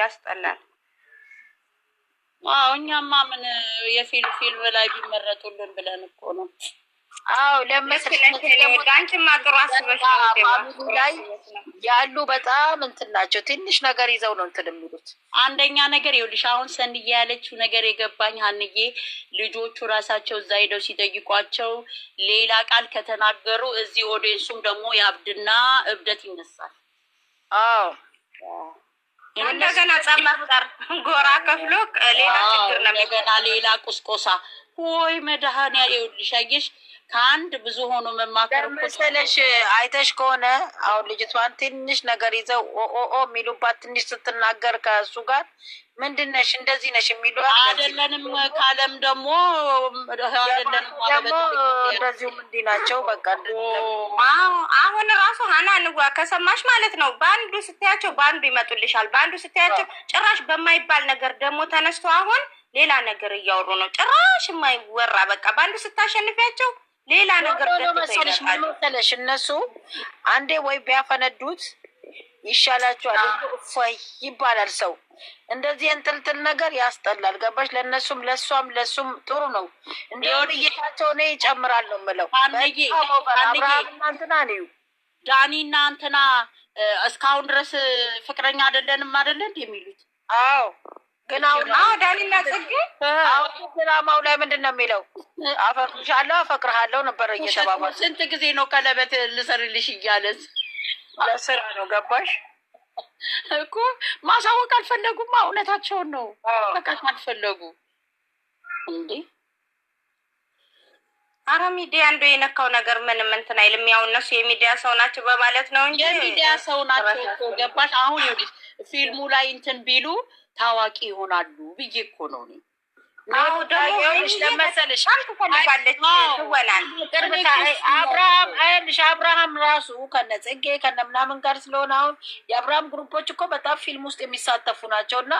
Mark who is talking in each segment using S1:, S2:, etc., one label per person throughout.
S1: ያስጠላል።
S2: አዎ እኛማ ምን የፊልም ፊልም ላይ ቢመረጡልን ብለን እኮ ነው።
S1: አዎ ጥሩ አስበሽ ላይ ያሉ በጣም እንትን ናቸው። ትንሽ ነገር ይዘው ነው እንትን የሚሉት።
S2: አንደኛ ነገር ይኸውልሽ፣ አሁን ሰንዬ ያለችው ነገር የገባኝ ሀንዬ፣ ልጆቹ ራሳቸው እዛ ሄደው ሲጠይቋቸው ሌላ ቃል ከተናገሩ እዚህ ኦዲየንሱም ደግሞ እብደት ይነሳል።
S1: አዎ
S3: እንደገና ጻማ ፍጣር ጎራ ከፍሎ ሌላ ችግር ነው።
S2: እንደገና ሌላ ቁስቆሳ ወይ መድሃኒያ ይኸውልሽ አየሽ ከአንድ ብዙ ሆኖ መማከር
S1: መሰለሽ። አይተሽ ከሆነ አሁን ልጅቷን ትንሽ ነገር ይዘው ኦኦ የሚሉባት ትንሽ ስትናገር ከእሱ ጋር ምንድን ነሽ እንደዚህ ነሽ የሚሉ
S2: አይደለንም። ካለም ደግሞ
S1: ደግሞ እንደዚሁም እንዲህ ናቸው። በቃ
S3: አሁን ራሱ ሀና ንዋ ከሰማሽ ማለት ነው። በአንዱ ስታያቸው በአንዱ ይመጡልሻል። በአንዱ ስታያቸው ጭራሽ በማይባል ነገር ደግሞ ተነስቶ አሁን ሌላ ነገር እያወሩ ነው። ጭራሽ የማይወራ በቃ በአንዱ ስታሸንፊያቸው ሌላ ነገር
S1: መሰለሽ ምን መሰለሽ፣ እነሱ አንዴ ወይ ቢያፈነዱት ይሻላቸዋል። እፎይ ይባላል። ሰው እንደዚህ እንጥልጥል ነገር ያስጠላል። ገባሽ? ለእነሱም ለእሷም ለእሱም ጥሩ ነው። እንዲሁም እይታቸው እኔ ይጨምራል ነው የምለው።
S2: አብርሃምና እንትና ነው ዳኒና እንትና እስካሁን ድረስ ፍቅረኛ አደለንም አደለ እንዲ የሚሉት
S1: አዎ። ግን አሁን ዳኒና ጽጌ አሁን ድራማው ላይ ምንድን ነው የሚለው አፈቅርሻለሁ አፈቅርሃለሁ ነበረ
S2: እየተባባሉ ስንት ጊዜ ነው ቀለበት ልሰርልሽ እያለስ
S1: ለስራ ነው ገባሽ
S2: እኮ ማሳወቅ አልፈለጉማ እውነታቸውን ነው በቃት አልፈለጉ እንዴ
S1: አረ ሚዲያ እንደ የነካው ነገር ምንም እንትን አይልም። ያው እነሱ የሚዲያ ሰው ናቸው በማለት ነው
S2: እንጂ የሚዲያ ሰው ናቸው እኮ ገባሽ። አሁን ፊልሙ ላይ እንትን ቢሉ ታዋቂ ይሆናሉ ብዬ እኮ ነው እኔ
S3: አብርሃም
S2: ራሱ ከነ ጽጌ ከነ ምናምን ጋር ስለሆነ አሁን የአብርሃም ግሩፖች እኮ በጣም ፊልም ውስጥ የሚሳተፉ ናቸው። እና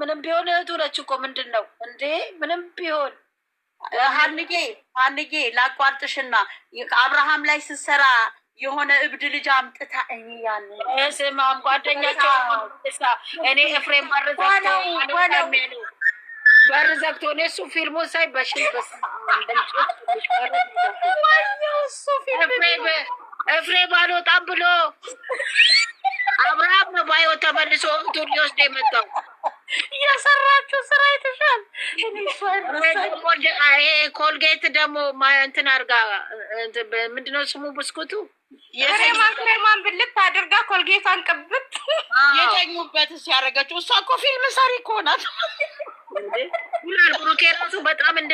S2: ምንም ቢሆን እህቱ ነች እኮ ምንድን ነው እንዴ? ምንም ቢሆን ሀንጌ ሀንጌ ላቋርጥሽና አብርሃም ላይ ስትሰራ የሆነ እብድ ልጅ አምጥታ እኔ
S1: ስማም ጓደኛቸው
S2: እኔ ኤፍሬም ባርዛቸው በር ዘግቶ ነው እሱ ፊልሙን ሳይ በሽንት እፍሬ ባልወጣም ብሎ አብርሃም ባዮ ተመልሶ እህቱን ሊወስድ የመጣው
S1: እያሰራችሁ ስራ ይተሻል።
S2: ኮልጌት ደግሞ እንትን አድርጋ ምንድነው ስሙ ብስኩቱ
S1: ክሬማን ብልት አድርጋ ኮልጌቷን ቅብት
S2: የተኙበት ሲያደረገችው እሷ እኮ ፊልም ሰሪ እኮ ናት።
S1: ሁላል ብሩኬ ራሱ በጣም እንደ